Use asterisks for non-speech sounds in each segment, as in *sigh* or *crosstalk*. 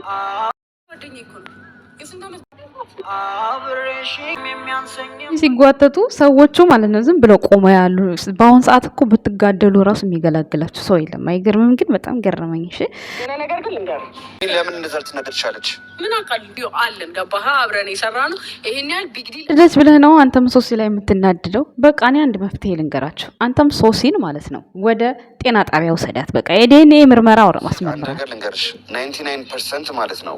ጓደኛዬ እኮ ነው የስንት ዓመት ሲጓተቱ ሰዎቹ ማለት ነው ዝም ብለው ቆመ ያሉ። በአሁን ሰዓት እኮ ብትጋደሉ እራሱ የሚገላግላችሁ ሰው የለም። አይገርምም? ግን በጣም ገረመኝ። እሺ ልደት ብለህ ነው አንተም ሶሲ ላይ የምትናድደው። በቃ እኔ አንድ መፍትሄ ልንገራችሁ። አንተም ሶሲን ማለት ነው ወደ ጤና ጣቢያ ውሰዳት። በቃ የዲኤንኤ ምርመራ ማስመርመራ ማለት ነው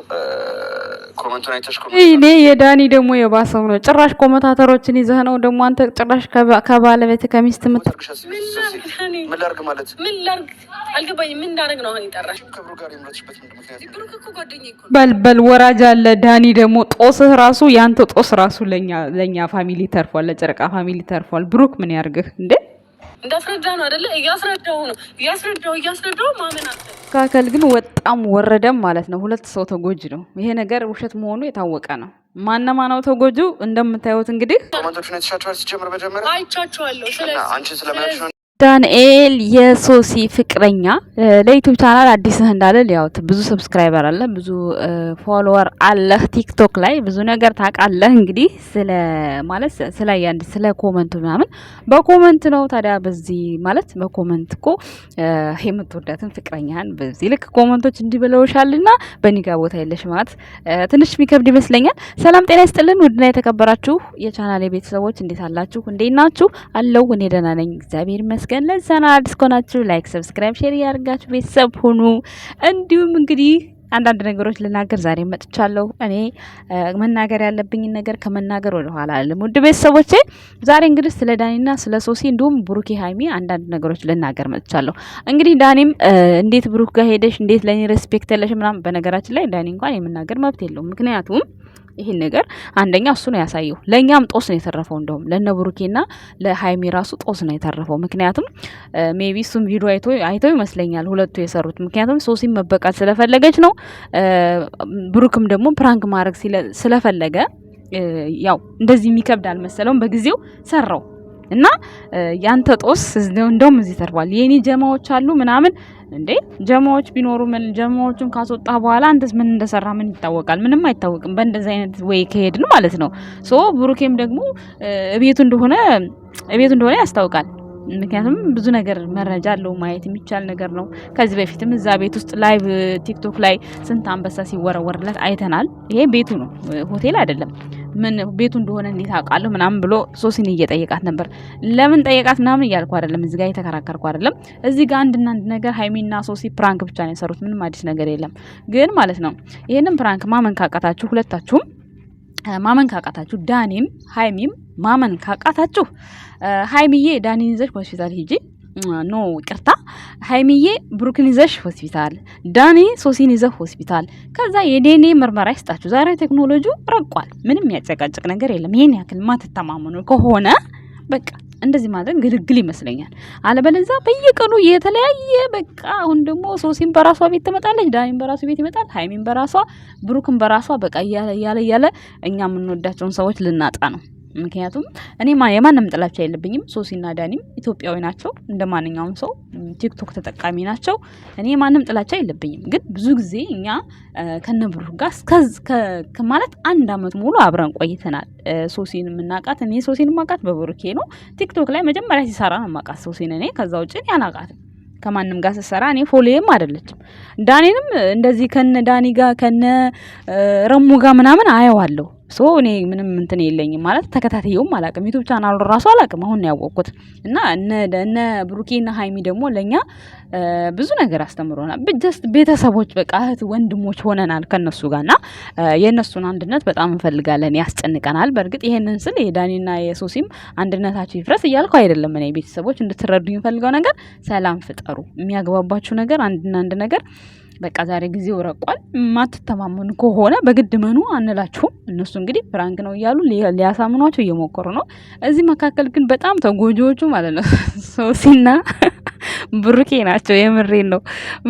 እኔ የዳኒ ደግሞ የባሰው ነው። ጭራሽ ኮመታተሮችን ይዘህ ነው ደግሞ አንተ ጭራሽ ከባለቤት ከሚስት ምት ምን ላድርግ ማለት ምን ምን ነው አሁን ይጠራሽ በልበል ወራጅ አለ። ዳኒ ደግሞ ጦስህ ራሱ ጦስ ራሱ ለኛ ለኛ ፋሚሊ ተርፏል፣ ለጨረቃ ፋሚሊ ተርፏል። ብሩክ ምን ያርግህ እንዴ? እንዳስረዳ ነው አደለ? እያስረዳው ነው እያስረዳው እያስረዳው ማመን አለ ማስተካከል ግን ወጣም ወረደም ማለት ነው ሁለት ሰው ተጎጅ ነው። ይሄ ነገር ውሸት መሆኑ የታወቀ ነው። ማነማ ነው ተጎጁ? እንደምታዩት እንግዲህ ዳንኤል የሶሲ ፍቅረኛ ለዩቱብ ቻናል አዲስ ነህ እንዳለ ያው ብዙ ሰብስክራይበር አለ፣ ብዙ ፎሎወር አለህ፣ ቲክቶክ ላይ ብዙ ነገር ታውቃለህ። እንግዲህ ስለ ማለት ስለ ያንድ ስለ ኮመንቱ ምናምን በኮመንት ነው ታዲያ። በዚህ ማለት በኮመንት እኮ የምትወዳትን ፍቅረኛህን በዚህ ልክ ኮመንቶች ና በኒጋ ቦታ የለሽ ማለት ትንሽ የሚከብድ ይመስለኛል። ሰላም ጤና ይስጥልን ውድና የተከበራችሁ የቻናል ቤተሰቦች እንዴት አላችሁ? እንዴት ናችሁ? አለው እኔ ደህና ነኝ፣ እግዚአብሔር ይመስገን። ይመስገን። ለዛና አዲስ ከሆናችሁ ላይክ፣ ሰብስክራይብ፣ ሼር ያደርጋችሁ ቤተሰብ ሁኑ። እንዲሁም እንግዲህ አንዳንድ ነገሮች ልናገር ዛሬ መጥቻለሁ። እኔ መናገር ያለብኝን ነገር ከመናገር ወደ ኋላ አለም። ውድ ቤተሰቦቼ ዛሬ እንግዲህ ስለ ዳኒና ስለ ሶሲ እንዲሁም ብሩኬ ሀይሚ አንዳንድ ነገሮች ልናገር መጥቻለሁ። እንግዲህ ዳኒም እንዴት ብሩክ ጋር ሄደሽ እንዴት ለእኔ ሬስፔክት የለሽ ምናምን። በነገራችን ላይ ዳኒ እንኳን የመናገር መብት የለውም ምክንያቱም ይሄን ነገር አንደኛ እሱ ነው ያሳየው። ለእኛም ጦስ ነው የተረፈው። እንደውም ለነ ብሩኬና ለሀይሚ ራሱ ጦስ ነው የተረፈው። ምክንያቱም ሜቢ እሱም ቪዲዮ አይቶ አይተው ይመስለኛል ሁለቱ የሰሩት። ምክንያቱም ሶሲም መበቃት ስለፈለገች ነው። ብሩክም ደግሞ ፕራንክ ማድረግ ስለፈለገ ያው እንደዚህ የሚከብድ አልመሰለውም። በጊዜው ሰራው። እና ያንተ ጦስ እንደውም እዚህ ተርፏል። የኔ ጀማዎች አሉ ምናምን እንዴ ጀማዎች ቢኖሩ ምን ጀማዎቹን ካስወጣ በኋላ አንተስ ምን እንደሰራ ምን ይታወቃል? ምንም አይታወቅም። በእንደዚህ አይነት ወይ ከሄድን ማለት ነው። ሶ ብሩኬም ደግሞ እቤቱ እንደሆነ እቤቱ እንደሆነ ያስታውቃል። ምክንያቱም ብዙ ነገር መረጃ አለው ማየት የሚቻል ነገር ነው። ከዚህ በፊትም እዛ ቤት ውስጥ ላይቭ ቲክቶክ ላይ ስንት አንበሳ ሲወረወርለት አይተናል። ይሄ ቤቱ ነው፣ ሆቴል አይደለም። ምን ቤቱ እንደሆነ እንዴት አውቃለሁ ምናምን ብሎ ሶሲን እየጠየቃት ነበር። ለምን ጠየቃት ምናምን እያልኩ አይደለም፣ እዚህ ጋር እየተከራከርኩ አይደለም። እዚህ ጋር አንድና አንድ ነገር ሀይሚና ሶሲ ፕራንክ ብቻ ነው የሰሩት፣ ምንም አዲስ ነገር የለም። ግን ማለት ነው ይህንን ፕራንክ ማመን ካቃታችሁ፣ ሁለታችሁም ማመን ካቃታችሁ፣ ዳኒም ሀይሚም ማመን ካቃታችሁ፣ ሀይሚዬ ዳኒን ይዘሽ ሆስፒታል ሂጂ ኖ ቅርታ፣ ሀይሚዬ ብሩክን ይዘሽ ሆስፒታል፣ ዳኔ ሶሲን ይዘህ ሆስፒታል፣ ከዛ የዴኔ ምርመራ ይስጣችሁ። ዛሬ ቴክኖሎጂ ረቋል። ምንም ያጨቃጭቅ ነገር የለም። ይህን ያክል ማትተማመኑ ከሆነ በቃ እንደዚህ ማድረግ ግልግል ይመስለኛል። አለበለዛ በየቀኑ የተለያየ በቃ አሁን ደግሞ ሶሲን በራሷ ቤት ትመጣለች፣ ዳኒን በራሱ ቤት ይመጣል፣ ሀይሚን በራሷ ብሩክን በራሷ በቃ እያለ እያለ እኛ የምንወዳቸውን ሰዎች ልናጣ ነው። ምክንያቱም እኔ የማንም ጥላቻ የለብኝም። ሶሲና ዳኒም ኢትዮጵያዊ ናቸው፣ እንደ ማንኛውም ሰው ቲክቶክ ተጠቃሚ ናቸው። እኔ የማንም ጥላቻ የለብኝም። ግን ብዙ ጊዜ እኛ ከነብሩህ ጋር ማለት አንድ አመት ሙሉ አብረን ቆይተናል። ሶሲን የምናቃት እኔ ሶሲን ማቃት በብሩኬ ነው። ቲክቶክ ላይ መጀመሪያ ሲሰራ ነው ማቃት ሶሲን እኔ ከዛ ውጭ አላውቃትም። ከማንም ጋር ስትሰራ እኔ ፎሌም አይደለችም። ዳኔንም እንደዚህ ከነ ዳኒ ጋር ከነ ረሙ ጋር ምናምን አየዋለሁ ሶ እኔ ምንም እንትን የለኝም ማለት ተከታተየውም አላቅም ዩቱብ ቻናሉ ራሱ አላቅም። አሁን ነው ያወቅኩት። እና እነ ብሩኬና ሀይሚ ደግሞ ለእኛ ብዙ ነገር አስተምሮናል። ጀስት ቤተሰቦች በቃ እህት ወንድሞች ሆነናል ከነሱ ጋር እና የእነሱን አንድነት በጣም እንፈልጋለን፣ ያስጨንቀናል። በእርግጥ ይሄንን ስል የዳኒና የሶሲም አንድነታቸው ይፍረስ እያልኩ አይደለም። እኔ ቤተሰቦች እንድትረዱ የሚፈልገው ነገር ሰላም ፍጠሩ። የሚያግባባችሁ ነገር አንድና አንድ ነገር በቃ ዛሬ ጊዜው ረቋል። ማትተማመኑ ከሆነ በግድ መኑ አንላችሁም። እነሱ እንግዲህ ፍራንክ ነው እያሉ ሊያሳምኗቸው እየሞከሩ ነው። እዚህ መካከል ግን በጣም ተጎጂዎቹ ማለት ነው *laughs* ሶሲና *laughs* ብሩኬ ናቸው። የምሬን ነው።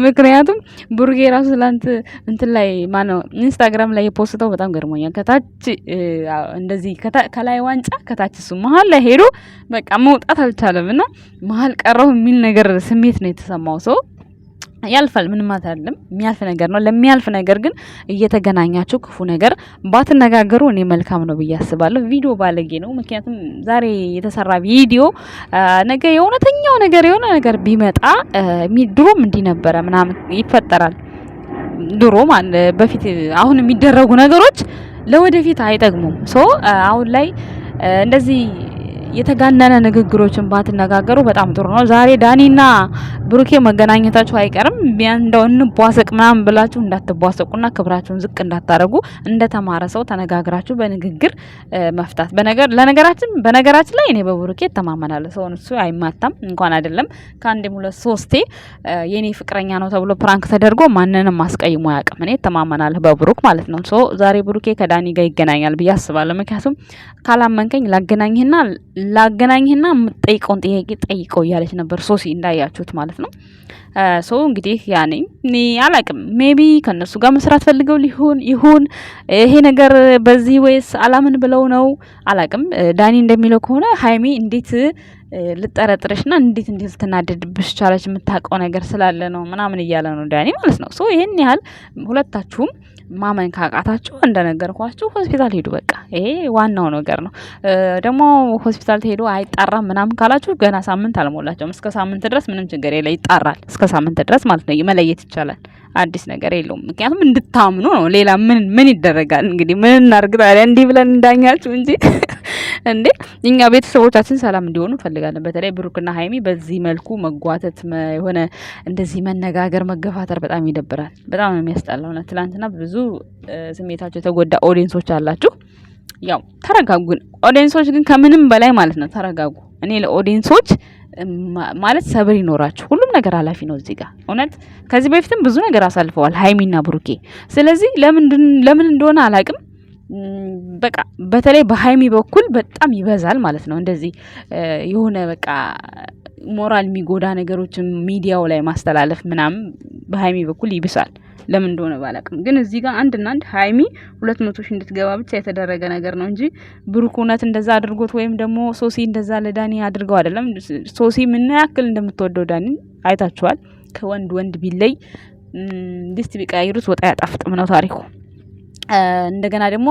ምክንያቱም ብሩኬ ራሱ ትላንት እንትን ላይ ማነው ኢንስታግራም ላይ የፖስተው በጣም ገርሞኛል። ከታች እንደዚህ ከላይ ዋንጫ ከታች እሱ መሀል ላይ ሄዶ በቃ መውጣት አልቻለም እና መሀል ቀረሁ የሚል ነገር ስሜት ነው የተሰማው ሰው ያልፋል። ምንም ማለት አይደለም፣ የሚያልፍ ነገር ነው። ለሚያልፍ ነገር ግን እየተገናኛችሁ ክፉ ነገር ባትነጋገሩ እኔ መልካም ነው ብዬ አስባለሁ። ቪዲዮ ባለጌ ነው። ምክንያቱም ዛሬ የተሰራ ቪዲዮ ነገ የእውነተኛው ነገር የሆነ ነገር ቢመጣ ድሮም እንዲህ ነበረ ምናምን ይፈጠራል። ድሮ በፊት አሁን የሚደረጉ ነገሮች ለወደፊት አይጠቅሙም። ሶ አሁን ላይ እንደዚህ የተጋነነ ንግግሮችን ባትነጋገሩ በጣም ጥሩ ነው። ዛሬ ዳኒና ብሩኬ መገናኘታችሁ አይቀርም። እንደው እንቧሰቅ ምናምን ብላችሁ እንዳትቧሰቁና ክብራችሁን ዝቅ እንዳታደርጉ እንደተማረ ሰው ተነጋግራችሁ በንግግር መፍታት። በነገር ለነገራችን በነገራችን ላይ እኔ በብሩኬ እተማመናለሁ። ሰውን እሱ አይማታም እንኳን አይደለም ከአንድ ሁለት ሶስቴ የኔ ፍቅረኛ ነው ተብሎ ፕራንክ ተደርጎ ማንንም አስቀይሞ አያውቅም። እኔ እተማመናለሁ በብሩክ ማለት ነው። ሶ ዛሬ ብሩኬ ከዳኒ ጋር ይገናኛል ብዬ አስባለሁ። ምክንያቱም ካላመንከኝ ላገናኝህና ላገናኝህና የምትጠይቀውን ጥያቄ ጠይቀው እያለች ነበር ሶሲ እንዳያችሁት ማለት ነው። ሶ እንግዲህ ያኔ እኔ አላቅም ሜቢ ከእነሱ ጋር መስራት ፈልገው ሊሆን ይሁን ይሄ ነገር በዚህ ወይስ አላምን ብለው ነው አላቅም። ዳኒ እንደሚለው ከሆነ ሀይሚ እንዴት ና እንዴት እንዴት ልትናደድብሽ ቻለች የምታውቀው ነገር ስላለ ነው ምናምን እያለ ነው ዳኒ ማለት ነው። ሶ ይህን ያህል ሁለታችሁም ማመን ካቃታችሁ እንደነገርኳችሁ ሆስፒታል ሄዱ። በቃ ይሄ ዋናው ነገር ነው። ደግሞ ሆስፒታል ሄዱ አይጣራም ምናምን ካላችሁ ገና ሳምንት አልሞላቸውም። እስከ ሳምንት ድረስ ምንም ችግር የለ፣ ይጣራል። እስከ ሳምንት ድረስ ማለት ነው መለየት ይቻላል። አዲስ ነገር የለውም። ምክንያቱም እንድታምኑ ነው። ሌላ ምን ምን ይደረጋል እንግዲህ ምን እናርግ ታዲያ? እንዲህ ብለን እንዳኛችሁ እንጂ *laughs* እንዴ እኛ ቤተሰቦቻችን ሰላም እንዲሆኑ እንፈልጋለን። በተለይ ብሩክና ሀይሚ በዚህ መልኩ መጓተት፣ የሆነ እንደዚህ መነጋገር፣ መገፋተር በጣም ይደብራል። በጣም ነው ትላንትና ብዙ ስሜታቸው የተጎዳ ኦዲንሶች አላችሁ። ያው ተረጋጉን ኦዲንሶች ግን ከምንም በላይ ማለት ነው ተረጋጉ። እኔ ለኦዲንሶች ማለት ሰብር ይኖራችሁ። ሁሉም ነገር ኃላፊ ነው እዚህ ጋር እውነት ከዚህ በፊትም ብዙ ነገር አሳልፈዋል ሀይሚና ብሩኬ። ስለዚህ ለምን እንደሆነ አላቅም በቃ በተለይ በሀይሚ በኩል በጣም ይበዛል ማለት ነው። እንደዚህ የሆነ በቃ ሞራል የሚጎዳ ነገሮችን ሚዲያው ላይ ማስተላለፍ ምናምን በሀይሚ በኩል ይብሳል። ለምን እንደሆነ ባላቅም፣ ግን እዚህ ጋር እና አንድ ሀይሚ ሁለት መቶ ሺህ እንድትገባ ብቻ የተደረገ ነገር ነው እንጂ ብሩክ እውነት እንደዛ አድርጎት ወይም ደግሞ ሶሲ እንደዛ ለዳኒ አድርገው አይደለም። ሶሲ ምን ያክል እንደምትወደው ዳኒ አይታችኋል። ከወንድ ወንድ ቢለይ ድስት ቢቀያይሩት ወጣ ያጣፍጥም ነው ታሪኩ። እንደገና ደግሞ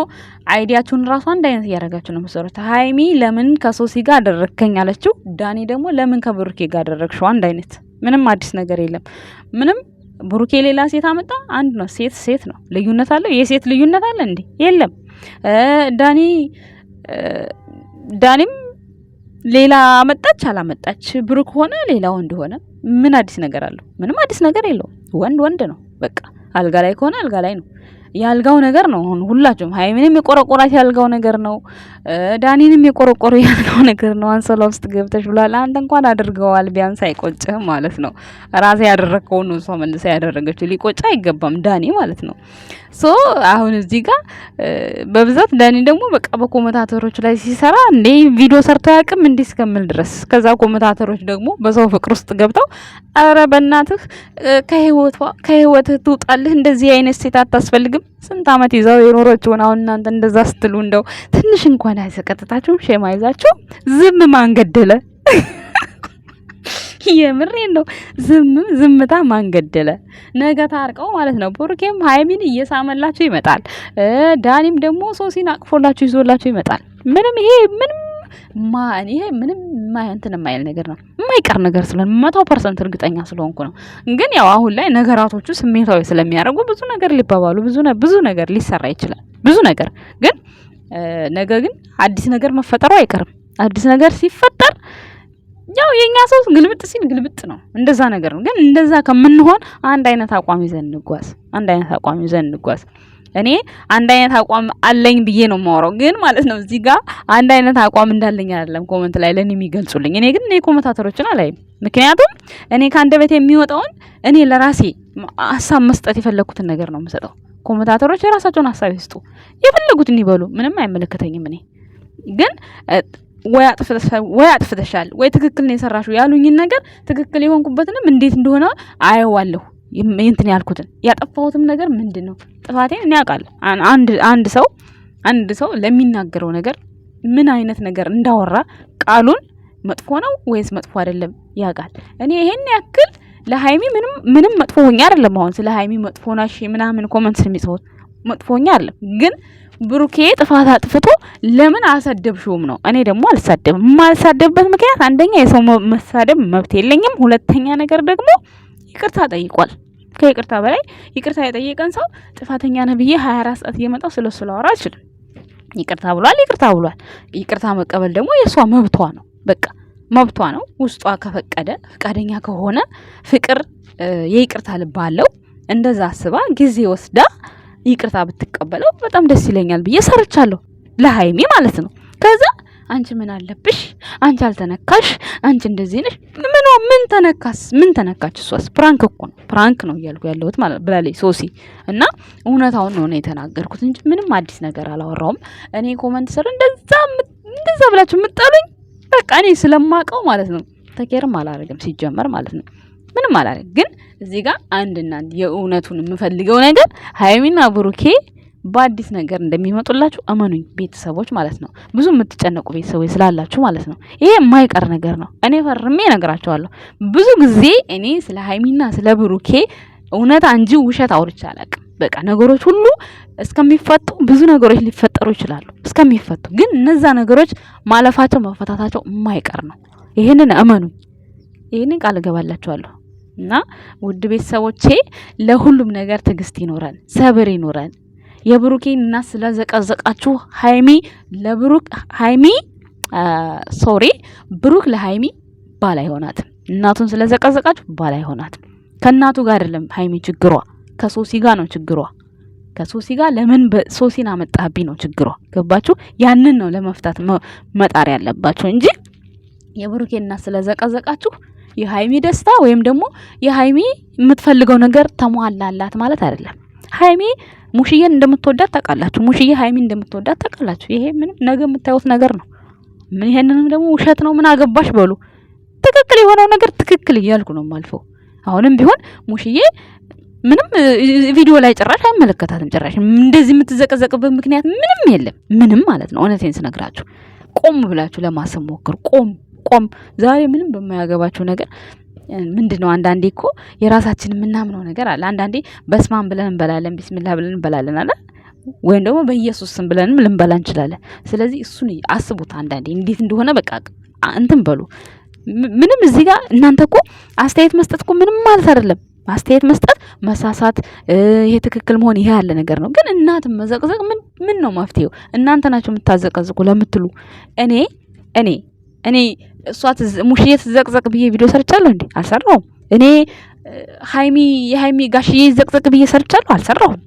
አይዲያችሁን ራሱ አንድ አይነት እያደረጋችሁ ነው የምትሰሩት። ሀይሚ ለምን ከሶሲ ጋር አደረግከኝ አለችው። ዳኒ ደግሞ ለምን ከብሩኬ ጋር አደረግሽው? አንድ አይነት ምንም አዲስ ነገር የለም። ምንም ብሩኬ ሌላ ሴት አመጣ፣ አንድ ነው። ሴት ሴት ነው። ልዩነት አለው? የሴት ልዩነት አለ እንዴ? የለም። ዳኒ ዳኒም ሌላ አመጣች አላመጣች፣ ብሩክ ሆነ ሌላ ወንድ ሆነ፣ ምን አዲስ ነገር አለው? ምንም አዲስ ነገር የለውም። ወንድ ወንድ ነው። በቃ አልጋ ላይ ከሆነ አልጋ ላይ ነው። ያልጋው ነገር ነው። አሁን ሁላችሁም ሀይሚንም የቆረቆራት ያልጋው ነገር ነው። ዳኒንም የቆረቆሩ ያልጋው ነገር ነው። አንሶላ ውስጥ ገብተሽ ብሏል። አንተ እንኳን አድርገዋል ቢያንስ አይቆጭህም ማለት ነው። ራሴ ያደረግከውን ነው እሷ መልሳ ያደረገችው። ሊቆጭ አይገባም ዳኒ ማለት ነው። ሶ አሁን እዚህ ጋር በብዛት ዳኒ ደግሞ በቃ በኮመታተሮች ላይ ሲሰራ እንዴ ቪዲዮ ሰርቶ ያቅም እንዴ እስከምል ድረስ ከዛ ኮመታተሮች ደግሞ በሰው ፍቅር ውስጥ ገብተው አረ በእናትህ ከህይወቷ ከህይወትህ ትውጣልህ፣ እንደዚህ አይነት ሴት አታስፈልግም። ስንት አመት ይዛው የኖረችውን አሁን እናንተ እንደዛ ስትሉ እንደው ትንሽ እንኳን አይሰቀጥታችሁም? ሼማ ይዛችሁ ዝም ማንገደለ የምሬን ነው። ዝምም ዝምታ ማንገደለ ነገ ታርቀው ማለት ነው። ቡርኬም ሀይሚን እየሳመላችሁ ይመጣል። ዳኒም ደግሞ ሶሲን አቅፎላችሁ ይዞላችሁ ይመጣል። ምንም ይሄ ምንም ማን ይሄ ምንም እንትን የማይል ነገር ነው የማይቀር ነገር ስለሆነ መቶ ፐርሰንት እርግጠኛ ስለሆንኩ ነው። ግን ያው አሁን ላይ ነገራቶቹ ስሜታዊ ስለሚያደርጉ ብዙ ነገር ሊባባሉ ብዙ ብዙ ነገር ሊሰራ ይችላል። ብዙ ነገር ግን ነገ ግን አዲስ ነገር መፈጠሩ አይቀርም። አዲስ ነገር ሲፈጠር ያው የኛ ሰው ግልብጥ ሲል ግልብጥ ነው፣ እንደዛ ነገር ነው። ግን እንደዛ ከምንሆን አንድ አይነት አቋም ይዘን እንጓዝ፣ አንድ አይነት አቋም ይዘን እንጓዝ። እኔ አንድ አይነት አቋም አለኝ ብዬ ነው የማወራው፣ ግን ማለት ነው እዚህ ጋር አንድ አይነት አቋም እንዳለኝ አይደለም ኮመንት ላይ ለኔ የሚገልጹልኝ። እኔ ግን እኔ ኮመንታተሮችን አላይም፣ ምክንያቱም እኔ ከአንደበት የሚወጣውን እኔ ለራሴ ሀሳብ መስጠት የፈለኩትን ነገር ነው የምሰጠው። ኮመንታተሮች የራሳቸውን ሀሳብ ይስጡ፣ የፈለጉትን ይበሉ፣ ምንም አይመለከተኝም እኔ ግን ወይ አጥፍተሻል ወይ ትክክል ነው የሰራሽው ያሉኝን ነገር ትክክል የሆንኩበትንም እንዴት እንደሆነ አየዋለሁ። እንትን ያልኩትን ያጠፋሁትም ነገር ምንድን ነው ጥፋቴን እኔ አውቃለሁ። አንድ አንድ ሰው አንድ ሰው ለሚናገረው ነገር ምን አይነት ነገር እንዳወራ ቃሉን መጥፎ ነው ወይስ መጥፎ አይደለም ያውቃል። እኔ ይሄን ያክል ለሀይሚ ምንም ምንም መጥፎ ሆኜ አይደለም። አሁን ስለ ሀይሚ መጥፎ ናሽ ምናምን ኮመንት የሚጽፉት መጥፎ ሆኜ አይደለም ግን ብሩኬ ጥፋት አጥፍቶ ለምን አልሰደብሽውም ነው። እኔ ደግሞ አልሳደብም። የማልሳደብበት ምክንያት አንደኛ የሰው መሳደብ መብት የለኝም፣ ሁለተኛ ነገር ደግሞ ይቅርታ ጠይቋል። ከይቅርታ በላይ ይቅርታ የጠየቀን ሰው ጥፋተኛ ነህ ብዬ ሀያ አራት ሰዓት እየመጣው ስለ እሱ ላወራ አልችልም። ይቅርታ ብሏል፣ ይቅርታ ብሏል። ይቅርታ መቀበል ደግሞ የእሷ መብቷ ነው። በቃ መብቷ ነው። ውስጧ ከፈቀደ ፈቃደኛ ከሆነ ፍቅር የይቅርታ ልብ አለው። እንደዛ አስባ ጊዜ ወስዳ ይቅርታ ብትቀበለው በጣም ደስ ይለኛል ብዬ ሰርቻለሁ፣ ለሀይሜ ማለት ነው። ከዛ አንቺ ምን አለብሽ? አንቺ አልተነካሽ፣ አንቺ እንደዚህ ነሽ። ምን ምን ተነካስ? ምን ተነካች? እሷስ ፕራንክ እኮ ነው፣ ፕራንክ ነው እያልኩ ያለሁት ማለት ብላለች ሶሲ። እና እውነታውን ነው የተናገርኩት እንጂ ምንም አዲስ ነገር አላወራውም። እኔ ኮመንት ስር እንደዛ እንደዛ ብላችሁ የምጠሉኝ በቃ እኔ ስለማቀው ማለት ነው። ተኬርም አላረግም ሲጀመር ማለት ነው። ምንም አላረግ ግን እዚህ ጋር አንድ እናንድ የእውነቱን የምፈልገው ነገር ሀይሚና ብሩኬ በአዲስ ነገር እንደሚመጡላችሁ እመኑኝ ቤተሰቦች ማለት ነው። ብዙ የምትጨነቁ ቤተሰቦች ስላላችሁ ማለት ነው። ይሄ የማይቀር ነገር ነው። እኔ ፈርሜ ነገራቸዋለሁ። ብዙ ጊዜ እኔ ስለ ሀይሚና ስለ ብሩኬ እውነት እንጂ ውሸት አውርቼ አላቅም። በቃ ነገሮች ሁሉ እስከሚፈቱ ብዙ ነገሮች ሊፈጠሩ ይችላሉ። እስከሚፈቱ ግን እነዛ ነገሮች ማለፋቸው መፈታታቸው የማይቀር ነው። ይህንን እመኑኝ። ይህንን ቃል እገባላችኋለሁ። እና ውድ ቤተሰቦቼ ለሁሉም ነገር ትዕግስት ይኖረን፣ ሰብር ይኖረን። የብሩኬን እና ስለዘቀዘቃችሁ ሀይሚ ለብሩክ ሀይሚ ሶሪ ብሩክ ለሀይሚ ባል አይሆናትም። እናቱን ስለዘቀዘቃችሁ ባል አይሆናትም። ከእናቱ ጋር አይደለም ሀይሚ ችግሯ፣ ከሶሲ ጋር ነው ችግሯ። ከሶሲ ጋር ለምን ሶሲን አመጣህብኝ ነው ችግሯ። ገባችሁ? ያንን ነው ለመፍታት መጣር ያለባችሁ እንጂ የብሩኬን እና ስለዘቀዘቃችሁ የሀይሚ ደስታ ወይም ደግሞ የሀይሚ የምትፈልገው ነገር ተሟላላት ማለት አይደለም። ሀይሚ ሙሽዬን እንደምትወዳት ታውቃላችሁ። ሙሽዬ ሀይሚ እንደምትወዳት ታውቃላችሁ። ይሄ ምንም ነገ የምታዩት ነገር ነው። ምን ይሄንንም ደግሞ ውሸት ነው ምን አገባሽ በሉ። ትክክል የሆነው ነገር ትክክል እያልኩ ነው ማልፈው። አሁንም ቢሆን ሙሽዬ ምንም ቪዲዮ ላይ ጭራሽ አይመለከታትም። ጭራሽ እንደዚህ የምትዘቀዘቅበት ምክንያት ምንም የለም። ምንም ማለት ነው። እውነቴን ስነግራችሁ ቆም ብላችሁ ለማሰብ ሞክር። ቆም ቆም ዛሬ ምንም በማያገባቸው ነገር ምንድን ነው? አንዳንዴ እኮ የራሳችን የምናምነው ነገር አለ። አንዳንዴ በስማን ብለን እንበላለን፣ ቢስሚላ ብለን እንበላለን አለ ወይም ደግሞ በኢየሱስ ስም ብለንም ልንበላ እንችላለን። ስለዚህ እሱን አስቡት አንዳንዴ እንዴት እንደሆነ በቃ እንትን በሉ። ምንም እዚህ ጋር እናንተ እኮ አስተያየት መስጠት እኮ ምንም ማለት አይደለም። አስተያየት መስጠት መሳሳት፣ ይሄ ትክክል መሆን ይሄ ያለ ነገር ነው። ግን እናትን መዘቅዘቅ ምን ምን ነው መፍትሄው? እናንተ ናቸው የምታዘቀዝቁ ለምትሉ እኔ እኔ እኔ እሷ ሙሽዬ ትዘቅዘቅ ብዬ ቪዲዮ ሰርቻለሁ እንዴ? አልሰራሁም። እኔ ሀይሚ የሀይሚ ጋሽዬ ይዘቅዘቅ ብዬ ሰርቻለሁ? አልሰራሁም።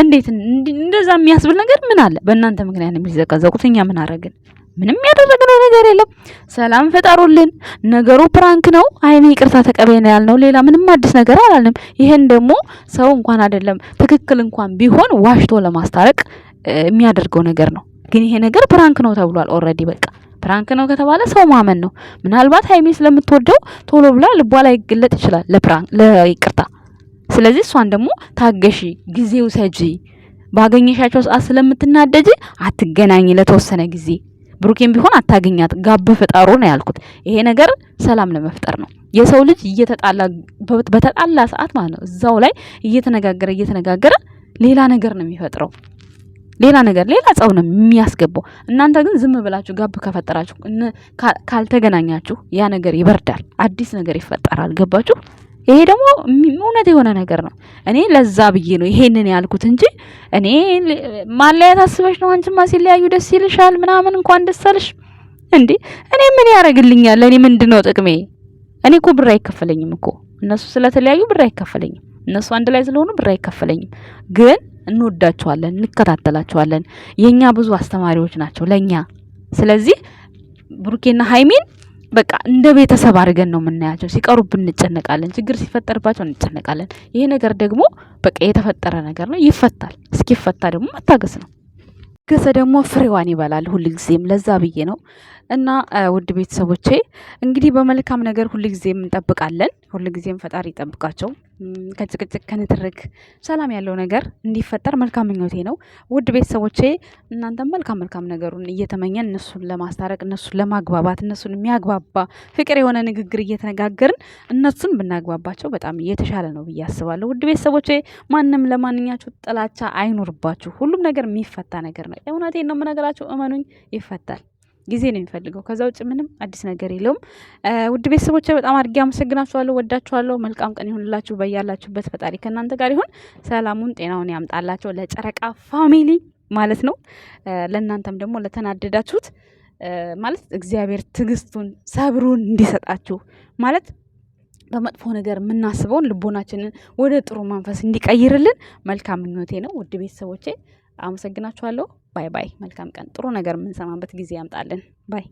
እንዴት እንደዛ የሚያስብል ነገር ምን አለ? በእናንተ ምክንያት የሚዘቀዘቁት እኛ ምን አረግን? ምንም ያደረግነው ነገር የለም። ሰላም ፈጠሩልን። ነገሩ ፕራንክ ነው። ሀይሚ ይቅርታ ተቀበይን ያልነው ሌላ ምንም አዲስ ነገር አላለም። ይሄን ደግሞ ሰው እንኳን አይደለም ትክክል እንኳን ቢሆን ዋሽቶ ለማስታረቅ የሚያደርገው ነገር ነው። ግን ይሄ ነገር ፕራንክ ነው ተብሏል ኦልሬዲ በቃ ፕራንክ ነው ከተባለ ሰው ማመን ነው። ምናልባት ሀይሚ ስለምትወደው ቶሎ ብላ ልቧ ላይ ይገለጥ ይችላል ለፕራንክ ለይቅርታ። ስለዚህ እሷን ደግሞ ታገሺ፣ ጊዜው ሰጂ ባገኘሻቸው ሰዓት ስለምትናደጂ አትገናኝ ለተወሰነ ጊዜ። ብሩኬም ቢሆን አታገኛት፣ ጋብ ፍጠሩ ነው ያልኩት። ይሄ ነገር ሰላም ለመፍጠር ነው። የሰው ልጅ እየተጣላ በተጣላ ሰዓት ማለት ነው እዛው ላይ እየተነጋገረ እየተነጋገረ ሌላ ነገር ነው የሚፈጥረው። ሌላ ነገር ሌላ ጸብ ነው የሚያስገባው። እናንተ ግን ዝም ብላችሁ ጋብ ከፈጠራችሁ ካልተገናኛችሁ ያ ነገር ይበርዳል፣ አዲስ ነገር ይፈጠራል። ገባችሁ? ይሄ ደግሞ እውነት የሆነ ነገር ነው። እኔ ለዛ ብዬ ነው ይሄንን ያልኩት እንጂ እኔ ማለያየት አስበሽ ነው አንቺማ ሲለያዩ ደስ ይልሻል ምናምን እንኳን ደስ አለሽ እንዴ! እኔ ምን ያደርግልኛል? ለእኔ ምንድን ነው ጥቅሜ? እኔ እኮ ብር አይከፈለኝም እኮ እነሱ ስለተለያዩ ብር አይከፈለኝም። እነሱ አንድ ላይ ስለሆኑ ብር አይከፈለኝም ግን እንወዳቸዋለን፣ እንከታተላቸዋለን። የኛ ብዙ አስተማሪዎች ናቸው ለኛ። ስለዚህ ብሩኬና ሀይሚን በቃ እንደ ቤተሰብ አድርገን ነው የምናያቸው። ሲቀሩብን እንጨነቃለን፣ ችግር ሲፈጠርባቸው እንጨነቃለን። ይሄ ነገር ደግሞ በቃ የተፈጠረ ነገር ነው፣ ይፈታል። እስኪፈታ ደግሞ መታገስ ነው። ገሰ ደግሞ ፍሬዋን ይበላል ሁልጊዜም። ለዛ ብዬ ነው እና ውድ ቤተሰቦቼ እንግዲህ በመልካም ነገር ሁልጊዜም እንጠብቃለን። ሁልጊዜም ፈጣሪ ይጠብቃቸው። ከጭቅጭቅ ከንትርክ ሰላም ያለው ነገር እንዲፈጠር መልካም ምኞቴ ነው። ውድ ቤተሰቦቼ እናንተም መልካም መልካም ነገሩን እየተመኘን እነሱን ለማስታረቅ እነሱን ለማግባባት እነሱን የሚያግባባ ፍቅር የሆነ ንግግር እየተነጋገርን እነሱን ብናግባባቸው በጣም እየተሻለ ነው ብዬ አስባለሁ። ውድ ቤተሰቦቼ ማንም ለማንኛችሁ ጥላቻ አይኖርባችሁ። ሁሉም ነገር የሚፈታ ነገር ነው። እውነቴን ነው የምነግራችሁ፣ እመኑኝ ይፈታል። ጊዜ ነው የሚፈልገው። ከዛ ውጭ ምንም አዲስ ነገር የለውም። ውድ ቤተሰቦች በጣም አድርጌ አመሰግናችኋለሁ፣ ወዳችኋለሁ። መልካም ቀን ይሁንላችሁ በያላችሁበት። ፈጣሪ ከእናንተ ጋር ይሁን፣ ሰላሙን ጤናውን ያምጣላቸው ለጨረቃ ፋሚሊ ማለት ነው። ለእናንተም ደግሞ ለተናደዳችሁት ማለት እግዚአብሔር ትዕግስቱን ሰብሩን እንዲሰጣችሁ ማለት በመጥፎ ነገር የምናስበውን ልቦናችንን ወደ ጥሩ መንፈስ እንዲቀይርልን መልካም ምኞቴ ነው። ውድ ቤተሰቦቼ አመሰግናችኋለሁ። ባይ ባይ። መልካም ቀን። ጥሩ ነገር የምንሰማበት ጊዜ ያምጣልን። ባይ